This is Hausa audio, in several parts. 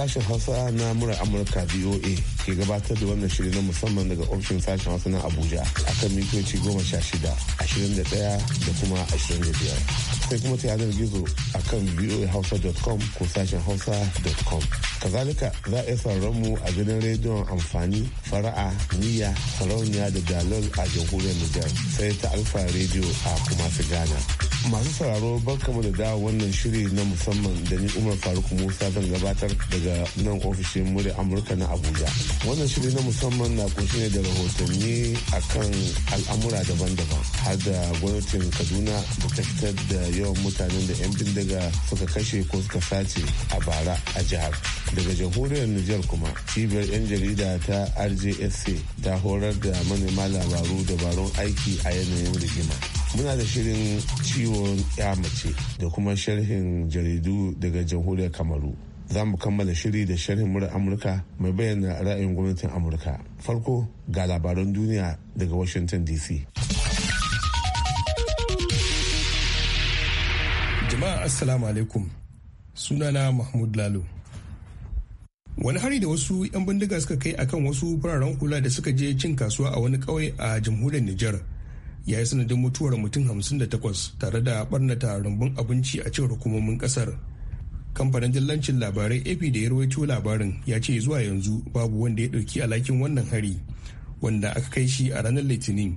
sashen hausa na murar amurka voa ke gabatar da wannan shirin na musamman daga ofishin sashen hausa na abuja a kan mitoci goma sha shida ashirin da daya da kuma ashirin da biyar sai kuma ta yanar gizo a akan voahausa.com ko sashen hausa.com kazalika za a iya sauran mu a ganin rediyon amfani fara'a niyya sarauniya da dalol a jamhuriyar nijar sai ta alfa rediyo a kuma su masu sauraro barkamu da dawo wannan shiri na musamman da ni umar faruk musa zan gabatar daga nan ofishin murya amurka na abuja wannan shiri na musamman na kunshi ne da rahotanni a kan al'amura daban-daban har da gwamnatin kaduna da ta fitar da yawan mutanen da yan bindiga suka kashe ko suka sace a bara a jihar daga jamhuriyar nijar kuma cibiyar yan jarida ta rjsc ta horar da manema labaru dabarun aiki a yanayin rigima muna da shirin ciwon ya mace da kuma sharhin jaridu daga jamhuriyar kamaru za mu kammala shiri da sharhin mura amurka mai bayyana ra'ayin gwamnatin amurka farko ga labaran duniya daga washington dc jama'a assalamu alaikum sunana mahmud lalo wani hari da wasu 'yan bindiga suka kai akan wasu fararen hula da suka je cin kasuwa a wani kauye a jamhuriyar nijar ya yi sanadin mutuwar mutum hamsin da 58 tare da barnata rumbun abinci a cikin hukumomin kasar kamfanin dillancin labarai ap da ya rawaito labarin ya ce zuwa yanzu babu wanda ya ɗauki alhakin wannan hari wanda aka kai shi a ranar litinin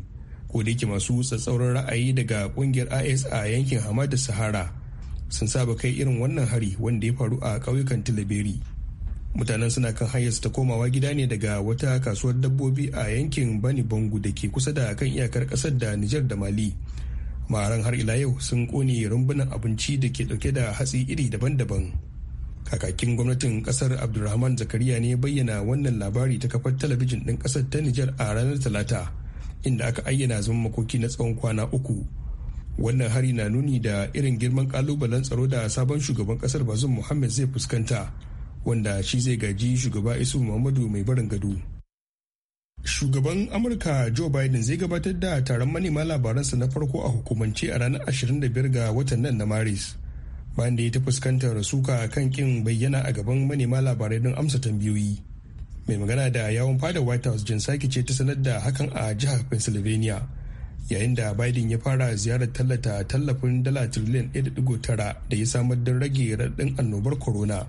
ko da yake masu tsatsauran ra'ayi daga kungiyar is a yankin hamad da sahara sun saba kai irin wannan hari wanda ya faru a ƙauyukan tilaberi mutanen suna kan hanyar ta komawa gida ne daga wata kasuwar dabbobi a yankin bani bangu da ke kusa da kan iyakar kasar da nijar da mali maran har ila yau sun kone rumbunan abinci da ke dauke da hatsi iri daban-daban kakakin gwamnatin kasar abdulrahman zakariya ne bayyana wannan labari ta kafar talabijin din kasar ta nijar a ranar talata inda aka ayyana zama makoki na tsawon kwana uku wannan hari na nuni da irin girman kalubalen tsaro da sabon shugaban kasar bazum muhammad zai fuskanta wanda shi zai gaji shugaba isu muhammadu mai barin gado shugaban amurka joe biden zai gabatar da taron manema labaransa na farko a hukumance a ranar 25 ga watan nan na maris bayan da ya ta fuskantar suka kan kin bayyana a gaban manema labarai don amsa tambayoyi mai magana da yawon fada white house jin sake ce ta sanar da hakan a jihar pennsylvania yayin da biden ya fara ziyarar tallata tallafin dala triliyan 1.9 da ya samar don rage raɗin annobar corona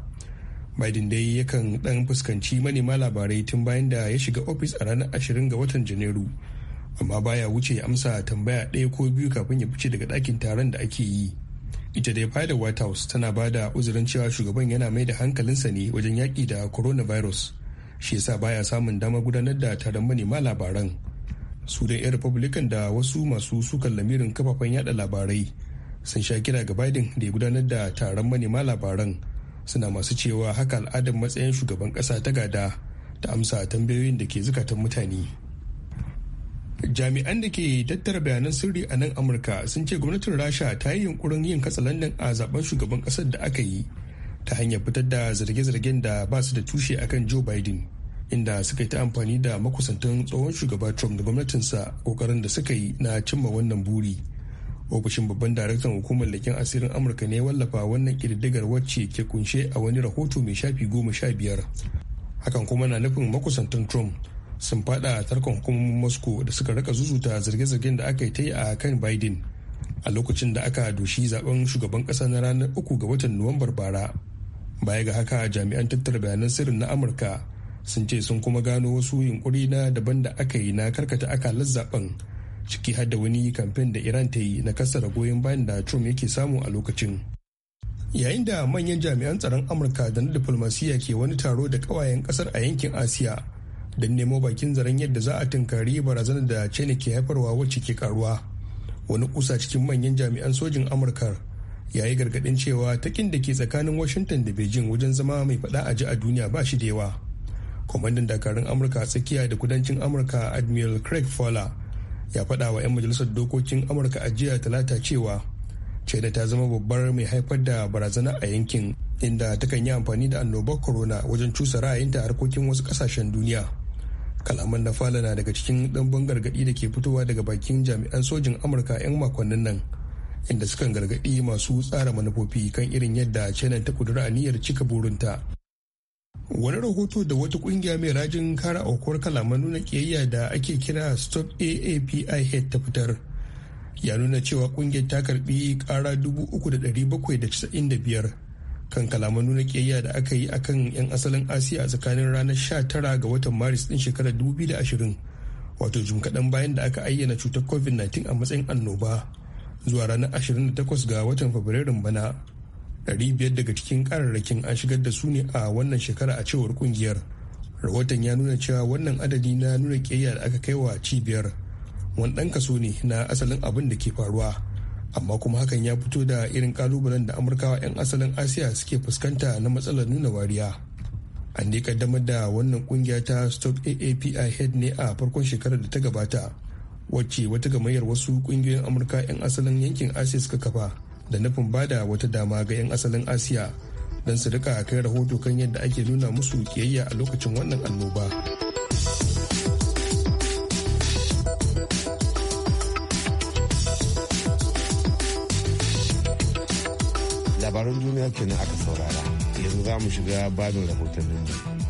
Biden dai yakan dan fuskanci manema labarai tun bayan da ya shiga ofis a ranar 20 ga watan Janairu. Amma baya wuce amsa tambaya ɗaya ko biyu kafin ya fice daga ɗakin taron da ake yi. Ita dai fadar White House tana ba da uzurin cewa shugaban yana mai da hankalinsa ne wajen yaƙi da coronavirus. Shi yasa baya samun damar gudanar da taron manema labaran. Su da 'yan Republican da wasu masu sukan lamirin kafafen yada labarai sun sha kira ga Biden da ya gudanar da taron manema labaran. suna masu cewa haka al'adar matsayin shugaban kasa ta gada ta amsa tambayoyin da ke zukatan mutane jami'an da ke tattara bayanan sirri a nan amurka sun ce gwamnatin rasha ta yi yunkurin yin katsalandan a zaben shugaban kasar da aka yi ta hanyar fitar da zarge-zargen da ba su da tushe akan joe biden inda suka yi ta amfani da makusantan tsohon shugaba trump da gwamnatinsa kokarin da suka yi na cimma wannan buri ofishin babban daraktan hukumar leƙen asirin amurka ne wallafa wannan ƙididdigar wacce ke kunshe a wani rahoto mai shafi goma sha biyar hakan kuma na nufin makusantan trump sun fada tarkon hukumomin moscow da suka rika zuzuta zirge-zirgen da aka yi ta yi a kan biden a lokacin da aka doshi zaben shugaban kasa na ranar uku ga watan nuwambar bara baya ga haka jami'an tattara bayanan sirrin na amurka sun ce sun kuma gano wasu yunkuri na daban da aka yi na karkata akalar zaben ciki har da wani kamfen da iran ta yi na kassara goyon bayan da trump yake samu a lokacin yayin da manyan jami'an tsaron amurka da na diflomasiyya ke wani taro da kawayen kasar a yankin asiya don nemo bakin zaren yadda za a tunkari barazanar da china ke haifarwa wacce ke karuwa wani kusa cikin manyan jami'an sojin amurka ya yi gargadin cewa takin da ke tsakanin washington da beijing wajen zama mai fada a ji a duniya ba shi da yawa kwamandan dakarun amurka tsakiya da kudancin amurka admiral craig fowler ya faɗa wa 'yan majalisar dokokin amurka a jiya talata cewa china ta zama babbar mai haifar da barazana a yankin inda takan yi amfani da annobar corona wajen cusa ra'ayinta a harkokin wasu kasashen duniya kalaman na fala na daga cikin ɗanbin gargaɗi da ke fitowa daga bakin jami'an sojin amurka 'yan makonnin nan inda sukan gargaɗi masu tsara manufofi kan irin yadda china ta kudura aniyar cika burinta wani rahoto da wata kungiya mai rajin kara aukuwar kalaman nuna kiyayya da ake kira stop aapi head ta fitar ya nuna cewa kungiyar ta karbi kara 3,795 kan kalaman nuna kiyayya da aka yi akan 'yan asalin asiya a tsakanin ranar 19 ga watan maris din shekarar 2020 wato jim kaɗan bayan da aka ayyana cutar covid-19 a matsayin annoba zuwa ranar 28 ga watan fabrairun bana 500 daga cikin kararrakin an shigar da su ne a wannan shekara a cewar kungiyar rahoton ya nuna cewa wannan adadi na nuna kiyayya da aka kai wa cibiyar wani ɗan kaso ne na asalin abin da ke faruwa amma kuma hakan ya fito da irin kalubalen da amurkawa 'yan asalin asiya suke fuskanta na matsalar nuna wariya an dai kaddamar da wannan kungiya ta stop aapi head ne a farkon shekarar da ta gabata wacce wata gamayyar wasu kungiyoyin amurka 'yan asalin yankin asiya suka kafa da nufin bada wata dama ga 'yan asalin asiya don su rika kai rahoto kan yadda ake nuna musu kiyayya a lokacin wannan annoba labaran duniya kenan aka saurara yanzu za mu shiga babin rahotannin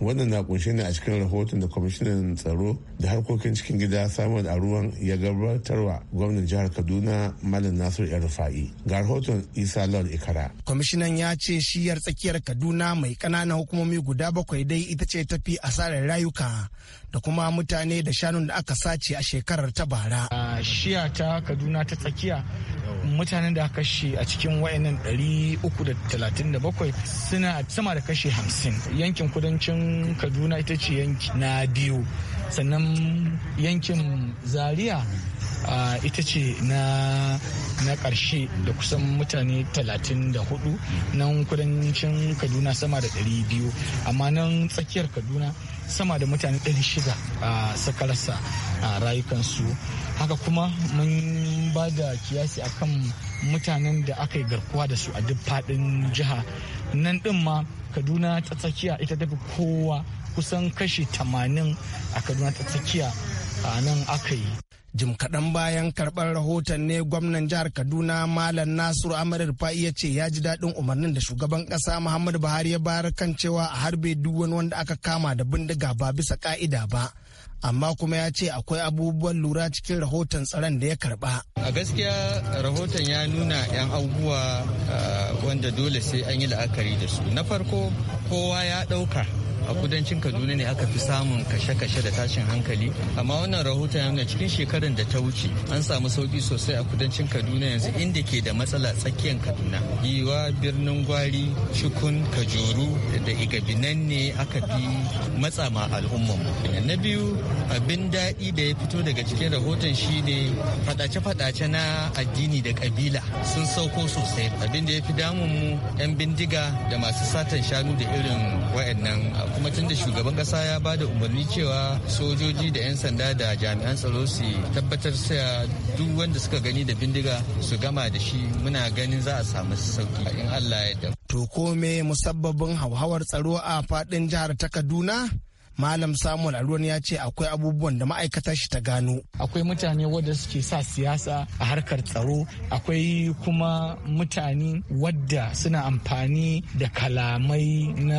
wannan na kunshe ne a cikin rahoton da kwamishinan tsaro da harkokin cikin gida samun a ruwan ya gabatarwa gwamnan jihar kaduna malam nasu yan rufa'i ga rahoton isa lord ikara kwamishinan ya ce shiyar tsakiyar kaduna mai kananan hukumomi guda bakwai dai ita ce tafi asarar rayuka da kuma mutane da shanun da aka sace a shekarar ta bara shiya ta kaduna ta tsakiya mutanen da aka kashe a cikin wayannan 337 suna sama da kashe 50 yankin kudancin kaduna ita ce yanki na biyu sannan yankin zaria Uh, ita ce na na ƙarshe da kusan mutane 34 nan kudancin kaduna sama da 200 amma nan tsakiyar kaduna sama da mutane 600 a sakarsa a rayukansu haka kuma mun ba da kiyasi akan mutanen da aka yi garkuwa da su a duk faɗin jiha nan ɗin ma kaduna ta tsakiya ita tafi kowa kusan kashi 80 a kaduna ta tsakiya a nan aka yi jim kaɗan bayan karɓar rahoton ne gwamnan jihar kaduna malam nasiru amir rufa'i ya ce ya ji daɗin umarnin da shugaban ƙasa muhammadu buhari ya bayar kan cewa a harbe duk wani wanda aka kama da bindiga ba bisa ƙa'ida ba amma kuma ya ce akwai abubuwan lura cikin rahoton tsaron da ya karba. A gaskiya rahoton ya nuna 'yan abubuwa ah, wanda dole sai an yi la'akari da su. Na farko kowa ya ɗauka a kudancin kaduna ne aka fi samun kashe-kashe da tashin hankali amma wannan rahoton yana cikin shekarar da ta wuce an samu sauki sosai a kudancin kaduna yanzu inda ke da matsala tsakiyar kaduna yiwa birnin gwari shukun kajuru da igabinan ne aka fi matsama al'umman na biyu abin daɗi da ya fito daga cikin rahoton shine faɗace faɗace na addini da kabila sun sauko sosai abin da ya fi damun mu 'yan bindiga da masu satan shanu da irin waɗannan kuma tunda shugaban kasa ya ba da umarni cewa sojoji da 'yan sanda da jami'an tsaro su tabbatar sa duk wanda suka gani da bindiga su gama da shi muna ganin za a samu sauki in Allah ya da. To ko me musabbabin hauhawar tsaro a faɗin jihar ta Kaduna? malam samuel aruwan ya ce akwai abubuwan da ma'aikatar shi ta gano akwai mutane wadda suke sa siyasa a harkar tsaro akwai kuma mutane wadda suna amfani da kalamai na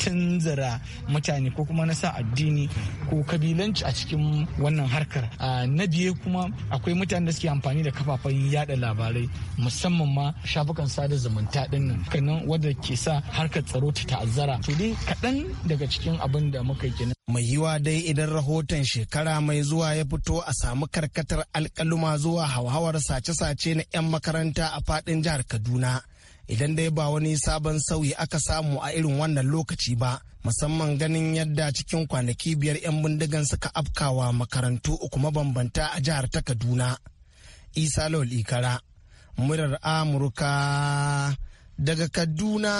tunzura mutane ko kuma na sa addini ko kabilanci a cikin wannan harkar na biye kuma akwai mutane da suke amfani da kafafen yada labarai musamman ma shafukan sada zumunta dinnan kanan wadda ke sa harkar tsaro ta ta'azzara to dai kaɗan daga cikin abin da muka kenan. Mai yiwa dai idan rahoton shekara mai zuwa ya fito a samu karkatar alkaluma zuwa hauhawar sace-sace na 'yan makaranta a faɗin jihar Kaduna. Idan dai ba wani sabon sauyi aka samu a irin wannan lokaci ba, musamman ganin yadda cikin kwanaki biyar 'yan bindigan suka afkawa makarantu uku mabambanta a jihar ta Kaduna. Isa lolikara Ikara, murar Amurka daga Kaduna.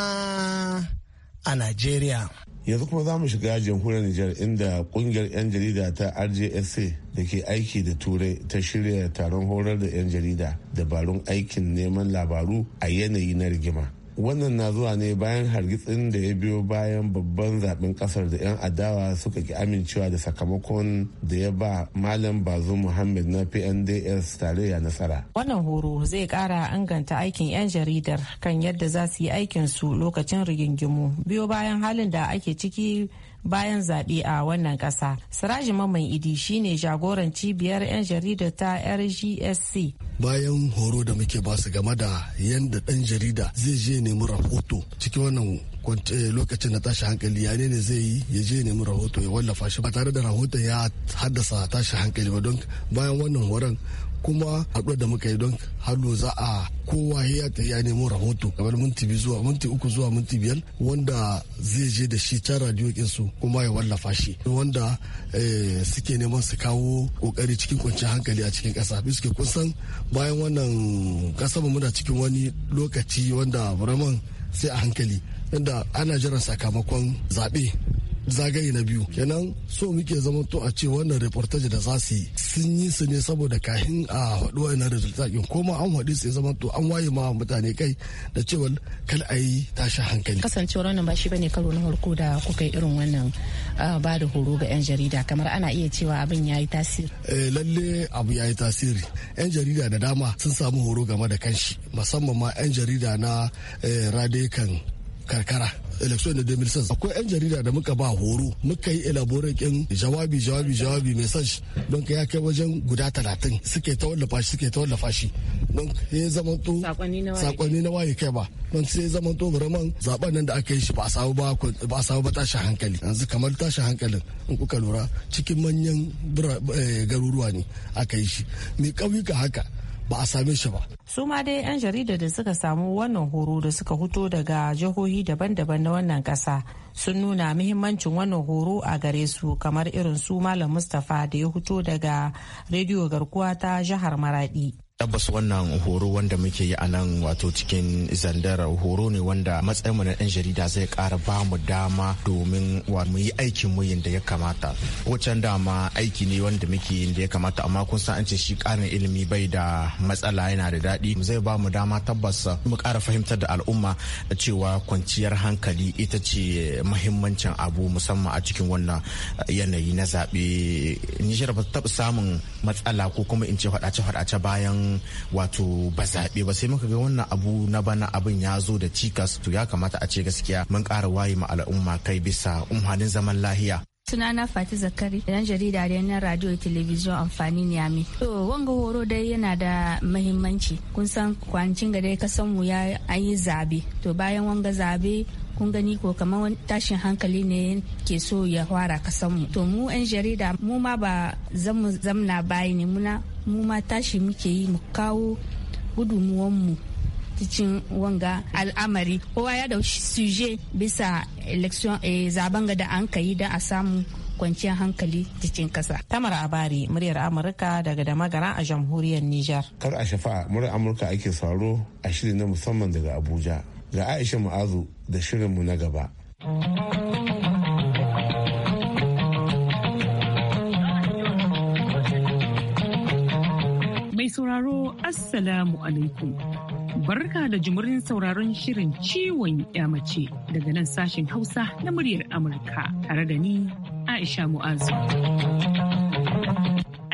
a Najeriya. Yanzu kuma za mu shiga jamhuriyar Nijar inda kungiyar 'yan jarida ta RJSA da ke aiki da turai ta shirya taron horar da 'yan jarida dabarun aikin neman labaru a yanayi na rigima. wannan na zuwa ne bayan hargitsin da ya biyo bayan babban zaben kasar da 'yan adawa suka ki amincewa da sakamakon da ya ba malam bazu muhammad na pnds tarayya nasara wannan horo zai kara anganta aikin 'yan jaridar kan yadda za su yi aikin su lokacin rigingimu biyo bayan halin da ake ciki bayan zaɓe a wannan ƙasa siraji mamman idi shine jagoran cibiyar 'yan jaridar ta rgsc bayan horo da muke basu game da yadda ɗan jarida zai je nemi rahoto cikin wannan eh, lokacin na tashi hankali ya ne zai yi ya je nemi rahoto ya wallafa shi ba tare da rahoton ya haddasa tashi hankali ba don bayan wannan horon kuma haɗuwar da muka yi don hannu za a kowa ya ta ya nemo rahoto kamar minti biyu zuwa minti uku zuwa minti biyar wanda zai je da shi can radiyo su kuma ya wallafa shi wanda eh, suke neman su kawo kokari cikin kwanciyar hankali a cikin ƙasa suke kusan bayan wannan ƙasa muna cikin wani lokaci wanda buraman sai a hankali inda ana jiran sakamakon zaɓe zagaye na biyu kenan so muke zama to a ce wannan reportage da za su sun yi su ne saboda kahin a haɗu wa'annan resultat ɗin ko an haɗu su zama to an waye ma mutane kai da cewa kal a yi tashi hankali. kasancewar wannan ba shi bane karo na farko da kuka yi irin wannan ba da horo ga 'yan jarida kamar ana iya cewa abin ya yi tasiri. Eh, lalle abu ya yi tasiri 'yan jarida da dama sun samu horo game da kanshi musamman ma 'yan jarida na eh, radekan karkara election da 2006 akwai 'yan jarida da muka ba horo muka yi elaborakin jawabi jawabi jawabi message don ka ya kai wajen guda talatin suke ta wallafa shi suke ta wallafa shi don ya zama to sakonni na waye kai ba don sai zama to buraman zaben nan da aka yi shi ba a samu ba ba samu ba tashi hankali yanzu kamar tashi hankalin in kuka lura cikin manyan eh, garuruwa ne aka yi shi mai kauyuka haka ba a same shi ba. su ma dai 'yan jarida da suka samu wannan horo da suka huto daga jihohi daban-daban na wannan kasa sun nuna muhimmancin wannan horo a gare su kamar irin su malam mustapha da ya huto daga rediyo garkuwa ta jihar maradi tabbas wannan horo wanda muke yi a nan wato cikin zandar horo ne wanda matsayinmu na ɗan jarida zai kara ba mu dama domin wa mu yi aikin mu da ya kamata wacan dama aiki ne wanda muke yin da ya kamata amma kun san an ce shi karin ilimi bai da matsala yana da daɗi zai ba mu dama tabbas mu kara fahimtar da al'umma cewa kwanciyar hankali ita ce muhimmancin abu musamman a cikin wannan yanayi na zaɓe nijar ba samun matsala ko kuma in ce faɗace-faɗace bayan wato ba zaɓe ba sai muka ga wannan abu na bana abin ya zo da cikas to ya kamata a ce gaskiya mun ƙara waye ma al'umma kai bisa umhanin zaman lahiya sunana fati zakari dan jarida da yanar radio da telebijin amfani niyami to wanga horo dai yana da mahimmanci kun san kwancin ga dai kasan mu ya an yi zabe to bayan wanga zabe kun gani ko kamar wani tashin hankali ne ke so ya fara mu to mu 'yan jarida mu ma ba zamu zamna bayi ne muna mu ma tashi muke yi mu kawo mu. cikin wanga al'amari kowa ya da suje bisa election eh, zaben ga da an kayi da a samu kwanciyar hankali cikin kasa. Tamar Abari, muryar Amurka daga Damagara a jamhuriyar Nijar. Kar a shafa muryar Amurka ake sauro a shirin na musamman daga Abuja. ga aisha mu'azu da shirinmu na gaba mai sauraro assalamu alaikum barka da jimurin sauraron shirin ciwon mace daga nan sashen hausa na muryar amurka tare da ni aisha mu'azu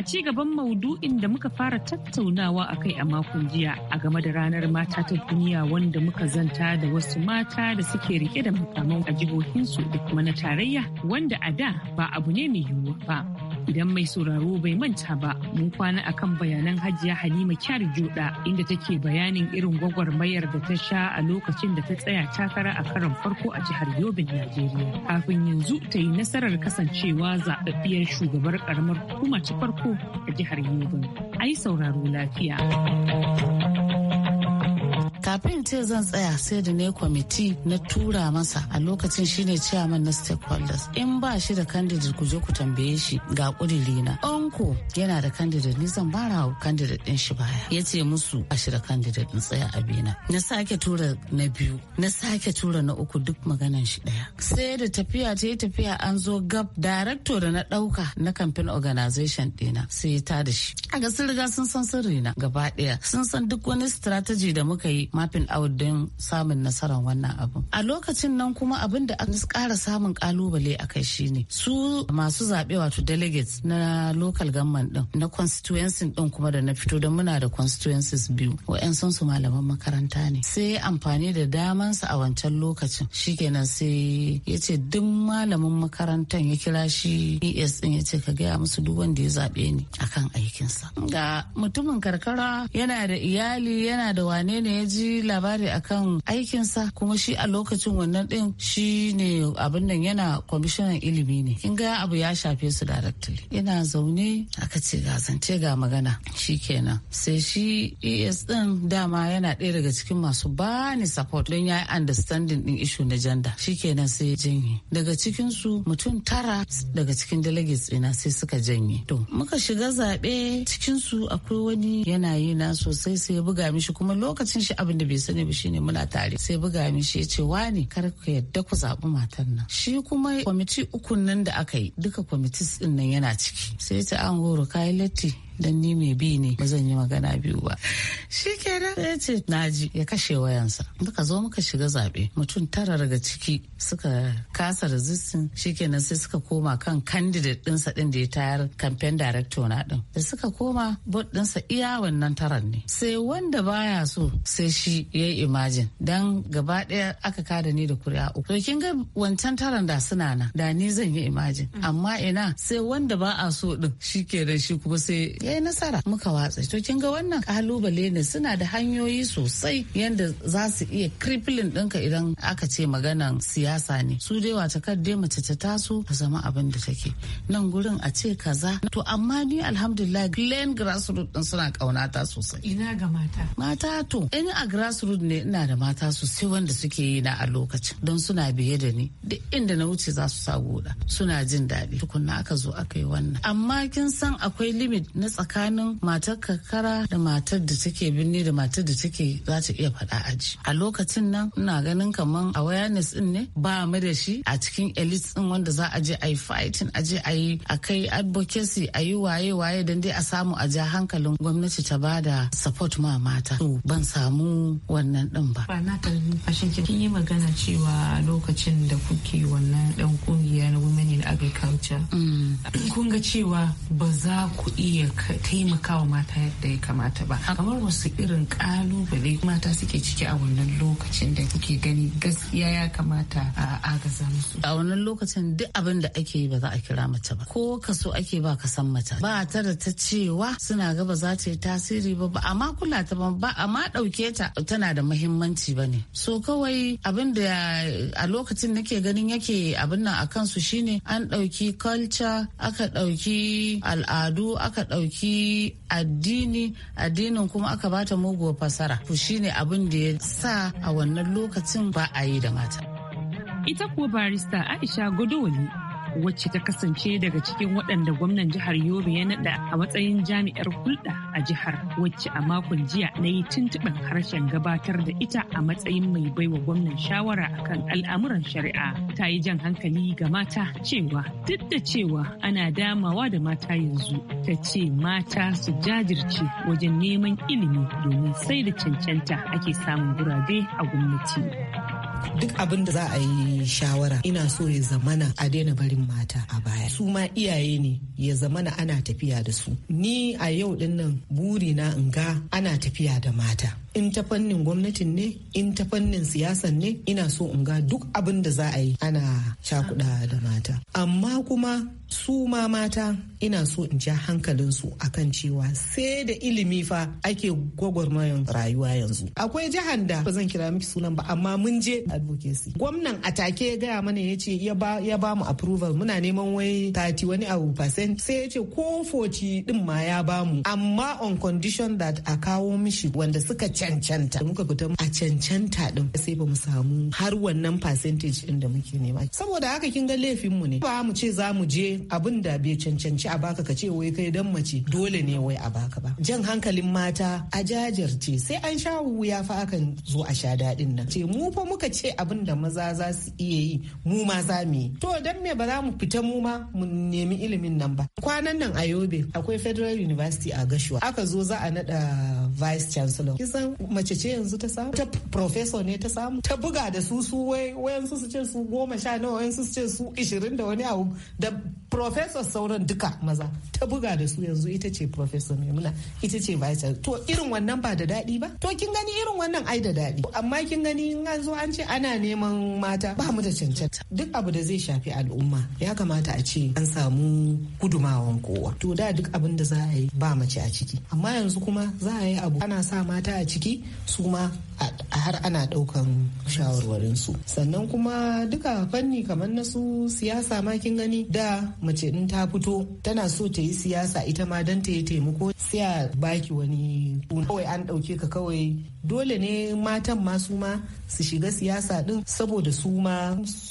a ci gaban maudu'in da muka fara tattaunawa a kai a makon jiya a game da ranar mata ta duniya wanda muka zanta da wasu mata da suke rike da makaman a jihohinsu da kuma na tarayya wanda a da ba abu ne mai yiwuwa ba. idan mai sauraro bai manta ba mun kwana akan bayanan hajiya halima kyar joda inda take bayanin irin gwagwarmayar da ta sha a lokacin da ta tsaya takara a karon farko a jihar yobin najeriya kafin yanzu ta yi nasarar kasancewa zaɓaɓɓiyar shugabar karamar hukuma ta farko a jihar yobin ai sauraro lafiya kafin ce zan tsaya sai da ne kwamiti na tura masa a lokacin shine chairman na stakeholders in ba shi da candidate ku je ku tambaye shi ga kudiri na onko yana da candidate ni zan bara wa candidate din shi baya ya ce musu a shi da candidate din tsaya a bina na sake tura na biyu na sake tura na uku duk maganan shi daya sai da tafiya ta yi tafiya an zo gab director da na dauka na campaign organization dina sai ya da shi a ga sun riga sun san sirri na gaba daya sun san duk wani strategy da muka yi mafin out don samun nasarar wannan abin a lokacin nan kuma abin da an kara samun kalubale a kai shi ne. su masu zaɓe wato delegates na local government din na constituency din kuma da na fito don muna da constituencies biyu wa'yansu su malaman makaranta ne sai amfani da damansa a wancan lokacin shikenan sai ya ce duk malamin makarantar ya kira shi es din ya ce ka gaya musu duk wanda ya zaɓe ni akan aikinsa ga mutumin karkara yana da iyali yana da wane ne ya ji labari akan aikinsa kuma shi a lokacin wannan din shi ne abin nan yana kwamishinan ilimi ne kin ga abu ya shafe su directly yana zaune aka ce ga zance ga magana shi kenan sai shi es din dama yana ɗaya daga cikin masu bani support don ya yi understanding din issue na gender shi kenan sai janye daga cikin su mutum tara daga cikin delegates ina sai suka janye to muka shiga zaɓe cikin su akwai wani yanayi na sosai sai ya buga mishi kuma lokacin shi abu abin da bai sani ba shine muna tare sai buga mishi ya ce wani kar ka yadda ku zaɓi matan nan shi kuma kwamiti ukun nan da aka yi duka kwamitis din nan yana ciki sai ta an goro kayi latti dan ni mai bi ne ba zan yi magana biyu ba shi kenan ya ce naji ya kashe wayansa muka zo muka shiga zaɓe mutum tara daga ciki suka kasa shi shikenan sai suka koma kan candidate dinsa din da ya tayar campaign director na din da suka koma bot ɗinsa iya wannan taran ne sai wanda baya so sai shi ya yi imajin dan gaba ɗaya aka kada ni da kuri'a uku to kin ga wancan taran da suna na da ni zan yi imajin mm. amma ina sai wanda ba a so shi kenan shi kuma sai ya nasara muka watsa to kin ga wannan kalubale ne suna da hanyoyi sosai yadda za su iya kriplin ɗinka idan aka ce maganan siyasa ne su dai wata kadde mace ta taso ta zama abin da take nan gurin a ce kaza to amma ni alhamdulillah glen grassroot din suna kauna ta sosai ina ga mata mata to in a grassroot ne ina da mata sosai wanda suke yi na a lokacin don suna biye da ni duk inda na wuce za su sa goda suna jin daɗi tukunna aka zo aka yi wannan amma kin san akwai limit na tsakanin matar kakara da matar da take birni da matar da take za ta iya faɗa aji a lokacin nan ina ganin kaman awareness din ne ba mu da shi a cikin elite din wanda za a je a yi fighting a je a yi kai advocacy a yi waye waye don dai a samu a ja hankalin gwamnati ta ba da support ma mata to ban samu wannan din ba ba na kalmfashin kin yi magana cewa lokacin da kuke wannan dan kungiya na women in agriculture mm. kun ga cewa ba za ku iya taimakawa mata yadda ya kamata ba kamar wasu irin kalubale mata suke ciki a wannan lokacin da kuke gani gaskiya ya kamata a agaza musu a wannan lokacin duk abin da ake yi ba za a kira mace ba ko kaso ake ba ka san mace ba ta da ta cewa suna ga ba za ta yi tasiri ba ba amma kula ta ba ba amma dauke ta tana da muhimmanci ba ne so kawai abin da a lokacin nake ganin yake abin nan a kansu shine an dauki culture aka dauki al'adu aka dauki ɗauki addini addinin kuma aka bata muguwar fasara ku shine abin da ya sa a wannan lokacin ba a yi da mata ita kuwa barista aisha godowali wacce ta kasance daga cikin waɗanda gwamnan jihar Yobe ya naɗa a matsayin jami'ar hulɗa a jihar wacce a makon jiya na yi tuntuɓen harshen gabatar da ita a matsayin mai baiwa gwamnan shawara akan al'amuran shari'a ta yi jan hankali ga mata cewa duk da cewa ana damawa da mata yanzu ta ce mata su jajirce wajen neman ilimi domin sai da cancanta ake samun gurabe a gwamnati. duk abin da za a yi shawara ina so ya zamana a daina barin mata a baya su ma iyaye ne ya zamana ana tafiya da su ni a yau din nan burina in ga ana tafiya da mata in ta fannin gwamnatin ne in ta fannin siyasan ne ina so in ga duk abin da za a yi ana cakuɗa da mata amma kuma su ma mata ina so in ja hankalinsu akan cewa sai da ilimi fa ake gwagwarmayan rayuwa yanzu akwai jihar da ba zan kira miki sunan ba amma mun je advocacy gwamnan atake ya gaya mana ya ce ya ba mu approval muna neman wai tati wani abu percent sai ya ce ko 40 din ma ya ba mu amma on condition that a kawo mishi wanda suka cancanta muka fita a cancanta din sai ba mu samu har wannan percentage din da muke nema saboda haka kin ga laifin mu ne ba mu ce za mu je abin da bai cancanci a baka ka ce wai kai dan mace dole ne wai a baka ba jan hankalin mata a jajirce sai an sha wuya fa akan zo a sha daɗin nan ce mu fa muka ce abin da maza za su iya yi mu ma za mu yi to dan me ba za mu fita mu ma mu nemi ilimin nan ba kwanan nan a yobe akwai federal university a gashuwa aka zo za a nada vice chancellor kisan mace ce yanzu ta samu ta professor ne ta samu ta buga da su su wayan su su ce su goma sha nawa wayan su su ce su ishirin da wani abu da professor sauran duka maza ta buga da su yanzu ita ce professor maimuna ita ce vice to irin wannan ba da daɗi ba to kin gani irin wannan ai da daɗi amma kin gani in an zo an ce ana neman mata ba mu da cancanta duk abu da zai shafi al'umma ya kamata a ce an samu gudumawan kowa to da duk abin da za a yi ba mace a ciki amma yanzu kuma za a yi abu ana sa mata a ciki su ma har ana ɗaukan shawarwarinsu sannan kuma duka fanni kamar na su siyasa ma kin gani da mace in ta fito tana so ta yi siyasa ita ma don ta yi taimako sai a baki wani kawai an ɗauke ka kawai dole ne matan ma su ma su shiga siyasa din saboda su ma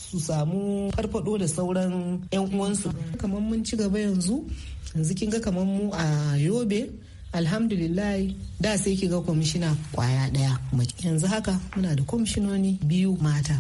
su samu farfado da sauran 'yan uwansu kamar mun ci gaba yanzu yanzu kin ga kamar mu a yobe alhamdulillah da sai ki ga kwamishina kwaya daya yanzu haka muna da kwamishinoni biyu mata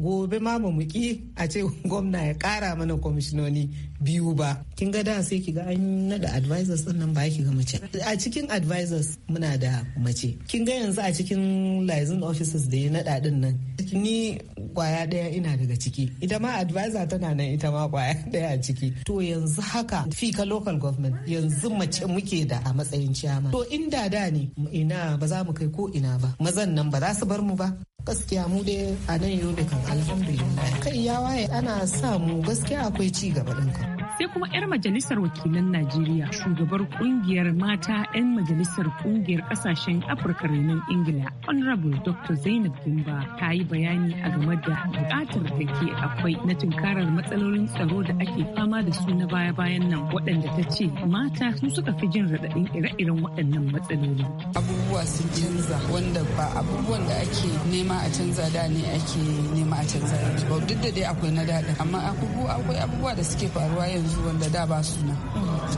gobe ma ba mu ki a ce gwamna ya kara mana kwamishinoni biyu ba kin ga da sai ki ga an nada advisors din nan ba ki ga mace a cikin advisors muna da mace kin ga yanzu a cikin liaison officers da ya nada din nan ni kwaya daya ina daga ciki ita ma advisor tana nan ita ma kwaya daya a ciki to yanzu haka fika local government yanzu mace muke da a matsayin chairman to inda da ne ina ba za mu kai ko ina ba mazan nan ba za su bar mu ba gaskiya mu dai a nan yau da kan alhamdulillah kai ya waye ana sa mu gaskiya akwai ci gaba ɗinka. sai kuma 'yar majalisar wakilan Najeriya shugabar kungiyar mata 'yan majalisar kungiyar kasashen Afirka renon Ingila Honorable Dr. Zainab Gimba ta yi bayani a game da bukatar da ke akwai na tunkarar matsalolin tsaro da ake fama da su na baya-bayan nan waɗanda ta ce mata sun suka fi jin raɗaɗin ire-iren waɗannan matsaloli. Abubuwa sun canza wanda ba abubuwan da ake nema a canza da ne ake nema a canza ba duk da dai akwai na daɗin amma akwai abubuwa da suke faruwa yanzu yanzu wanda da ba su nan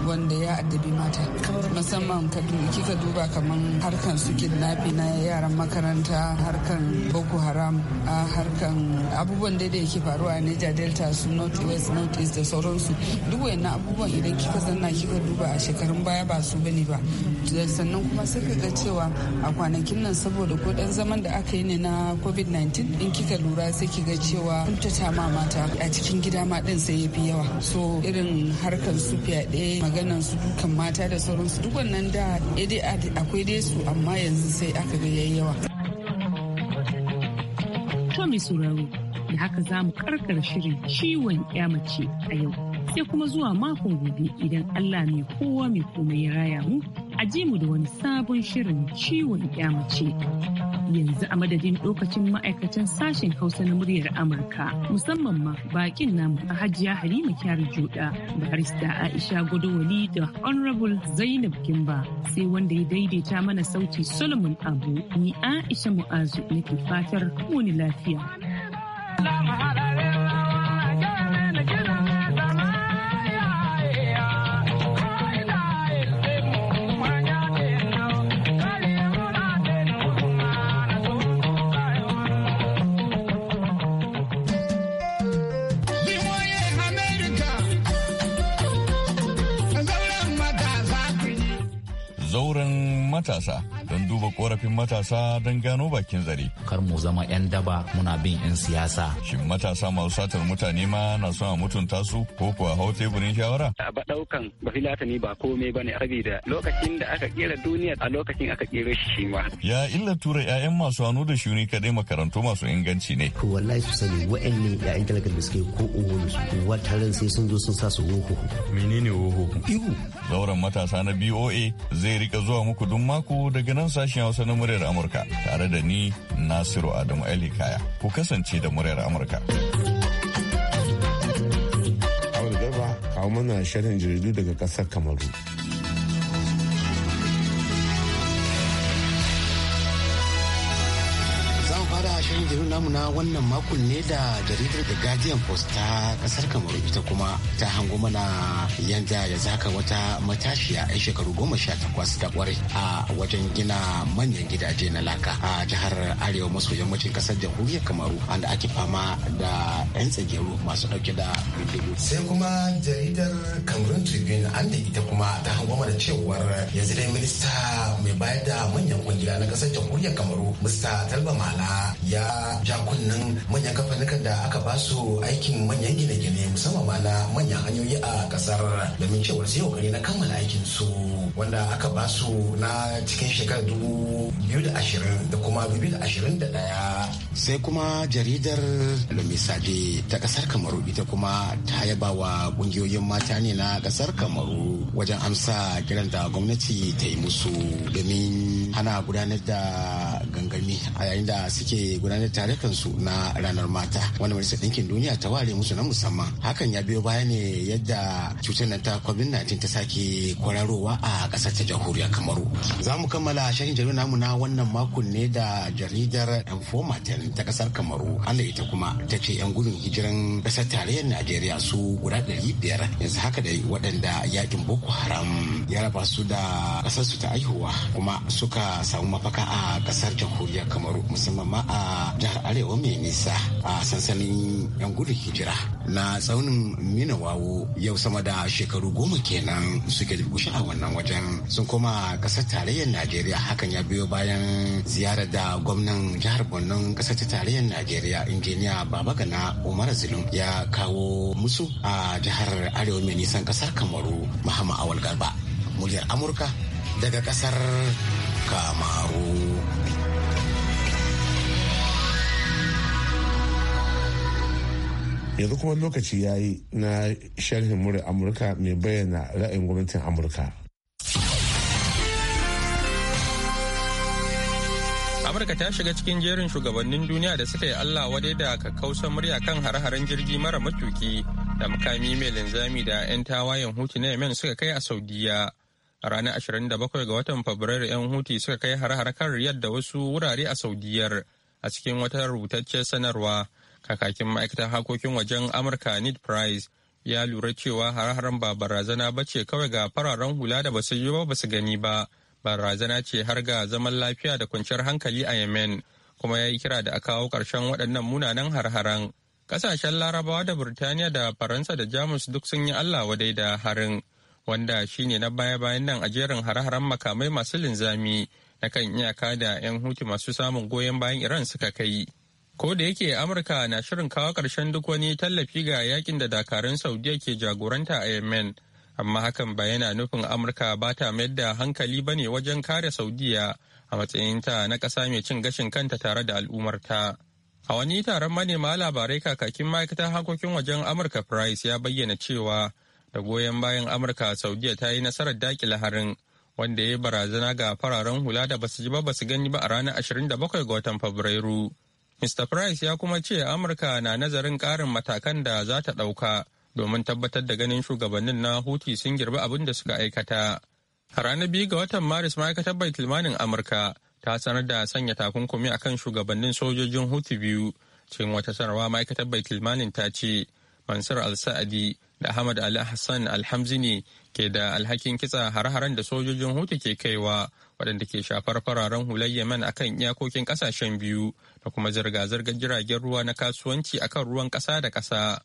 wanda ya addabi mata musamman kika duba kamar harkan su kidnapi na yaran makaranta harkan boko haram a harkan abubuwan da yake faruwa a niger delta su north west north east da sauransu duk wayannan abubuwan idan kika zanna kika duba a shekarun baya ba su bane ba sannan kuma sai ga cewa a kwanakin nan saboda ko dan zaman da aka yi ne na covid-19 in kika lura sai ki ga cewa kuntata ma mata a cikin gida ma din sai ya fi yawa so irin harkar su fyaɗe maganan su dukan mata da sauransu duk wannan da akwai dai su amma yanzu sai aka ga yawa. To mai sauraro da haka za mu karkar shirin ciwon ya mace a yau sai kuma zuwa makon gobe idan Allah mai kowa mai komai ya raya mu a mu da wani sabon shirin ciwon mace. Yanzu a madadin lokacin ma'aikatan sashen Hausa na muryar Amurka musamman ma bakin namu a hajiya Halima Kyari Joda, barista Aisha Godowali da Honorable Zainab Gimba sai wanda ya daidaita mana sauti Solomon Abu ni Aisha Mu'azu nake fatar muni lafiya. matasa duba korafin matasa don gano bakin zare. Kar mu zama 'yan daba muna bin 'yan siyasa. Shin matasa masu satar mutane ma na son a mutunta su ko kuwa hau teburin shawara? A ba ɗaukan ba filatani ba komai ba ne da lokacin da aka kera duniya a lokacin aka kera shi shi ma. Ya illa tura 'ya'yan masu hannu da shuni kadai makarantu masu inganci ne. To wallahi su sani ne 'ya'yan talaka da suke ko uwan su taron sai sun zo sun sa su woho. Menene woho? Ihu. Zauren matasa na BOA zai rika zuwa muku duk mako daga nan sa sashen Hausa na muryar Amurka tare da ni Nasiru Adamu Ali Kaya. Ku kasance da muryar Amurka. Awal gaba kawo mana shirin jaridu daga ƙasar Kamaru. matsayin namu na wannan makon ne da jaridar da Guardian Post ta kasar Kamaru ita kuma ta hango mana yanda ya zaka wata matashiya a shekaru goma sha takwas da kware a wajen gina manyan gidaje na laka a jihar Arewa maso yammacin kasar jamhuriyar Kamaru wanda ake fama da 'yan tsageru masu dauke da bindigo. Sai kuma jaridar kamarun Tribune an da ita kuma ta hango mana cewar yanzu dai minista mai bayar da manyan kungiya na kasar jamhuriyar Kamaru Mr. Talba Mala ya jakunan manyan kafanikan da aka ba su aikin manyan gine-gine musamman ma na manyan hanyoyi a kasar domin cewa sai kokari na kammala aikin su wanda aka ba su na cikin shekarar dubu biyu da ashirin da kuma dubu da ashirin da daya. Sai kuma jaridar Lumisade ta kasar Kamaru ita kuma ta yaba wa kungiyoyin mata ne na kasar Kamaru wajen amsa kiran gwamnati ta yi musu domin hana gudanar da gangami a yayin da suke gudanar su na ranar mata wani majalisar ɗinkin duniya ta ware musu na musamman hakan ya biyo baya ne yadda cutar nan ta covid-19 ta sake kwararowa a ƙasar ta jamhuriyar kamaru za mu kammala shahin jaridar namu na wannan makon ne da jaridar informatin ta kasar kamaru an ita kuma ta ce 'yan gudun hijiran kasar tarayyar najeriya su guda ɗari biyar yanzu haka da waɗanda yakin boko haram ya raba su da su ta aihuwa kuma suka samu mafaka a ƙasar jamhuriyar kamaru musamman ma a jihar arewa mai nisa a sansanin yan gudun hijira na tsaunin wawo yau sama da shekaru goma kenan suke durkushe a wannan wajen sun koma kasar tarayyar najeriya hakan ya biyo bayan ziyarar da gwamnan jihar borno kasar ta tarayyar najeriya injiniya babagana umar zulum ya kawo musu a jihar arewa mai nisan kasar kamaru muhammad awal garba muryar amurka daga kasar kamaru yanzu kuma lokaci ya yi na sharhin murar amurka mai bayyana ra'ayin gwamnatin amurka amurka ta shiga cikin jerin shugabannin duniya da suka yi allah wadai da kakkausa murya kan hare-haren jirgi mara matuki da mukami mai linzami da 'yan tawayen hutu na yemen suka kai a saudiya a ranar 27 ga watan fabrairu 'yan huti suka kai hare-hare kan riyar da wasu wurare a saudiyar a cikin wata rubutaccen sanarwa kakakin ma'aikatar harkokin wajen amurka need price ya lura cewa har-haren ba barazana ba ce kawai ga fararen hula da basu yi ba basu gani ba barazana ce har ga zaman lafiya da kwanciyar hankali a yemen kuma ya yi kira da a kawo karshen waɗannan munanan har-haren ƙasashen larabawa da birtaniya da faransa da jamus duk sun yi allah wadai da harin wanda shine na baya-bayan nan a jerin har-haren makamai masu linzami na kan iyaka da 'yan hutu masu samun goyon bayan iran suka kai Ko da yake Amurka na shirin kawo ƙarshen duk wani tallafi ga yakin da dakarun Saudiya ke jagoranta a Yemen, amma hakan ba yana nufin Amurka ba ta mayar da hankali ba ne wajen kare Saudiya a matsayinta na ƙasa mai cin gashin kanta tare da al'ummarta. A wani taron manema labarai kakakin ma'aikatar harkokin wajen Amurka Price ya bayyana cewa da goyon bayan Amurka Saudiya ta yi nasarar dakile harin wanda ya barazana ga fararen hula da basu ji ba basu gani ba a ranar 27 ga watan Fabrairu. Mr. Price ya kuma ce Amurka na nazarin karin matakan da za ta ɗauka domin tabbatar da ganin shugabannin na huti sun girbi abin da suka aikata. Ranar biyu ga watan Maris ma'aikatar tilmanin Amurka ta sanar da sanya takunkumi kan shugabannin sojojin Houthi biyu. Cikin wata sanarwa ma'aikatar tilmanin ta ce Mansur Al-Sa'adi da Ahmad Ali Hassan Alhamzi ne ke da alhakin kitsa hare-haren da sojojin Houthi ke kaiwa waɗanda ke shafar fararen hular yemen akan iyakokin ƙasashen biyu da kuma zirga-zirgar jiragen ruwa na kasuwanci a kan ruwan ƙasa da ƙasa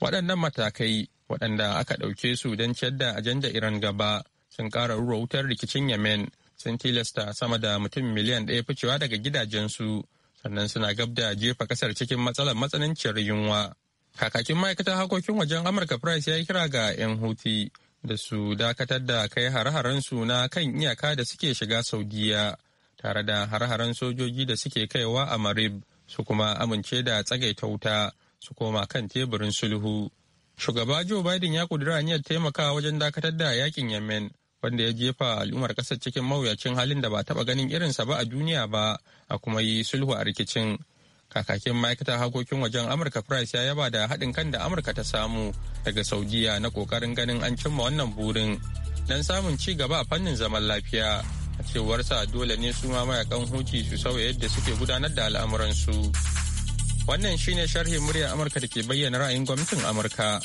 waɗannan matakai waɗanda aka ɗauke su don ciyar da ajanda iran gaba sun ƙara ruwa wutar rikicin yemen sun tilasta sama da mutum miliyan ɗaya ficewa daga gidajensu sannan suna gab da jefa ƙasar cikin matsalar matsananciyar yunwa kakakin ma'aikatan harkokin wajen amurka price ya yi kira ga 'yan huti da su dakatar da kai har-haransu na kan iyaka da suke shiga saudiya tare da har-haren sojoji da suke kaiwa a marib su kuma amince da tsagaita wuta su koma kan teburin sulhu shugaba joe biden ya kudura aniyar taimakawa wajen dakatar da yakin yemen wanda ya jefa al'ummar kasar cikin mawuyacin halin da ba taba ganin irinsa ba a duniya ba a kuma yi sulhu a rikicin kakakin ma'aikatar harkokin wajen amurka price ya yaba da haɗin kan da amurka ta samu daga saudiya na kokarin ganin an cimma wannan burin don samun ci gaba a fannin zaman lafiya a cewarsa dole ne su ma mayakan huci su sauya yadda suke gudanar da al'amuransu wannan shine sharhin muryar amurka da ke bayyana ra'ayin gwamnatin amurka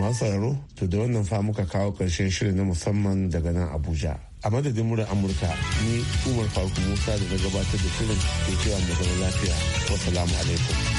masu to da wannan fa muka kawo ƙarshen shirin na musamman daga nan abuja a madadin murar amurka ni umar faruk musa da na gabatar da shirin ke cewa mu zama lafiya wasu alaikum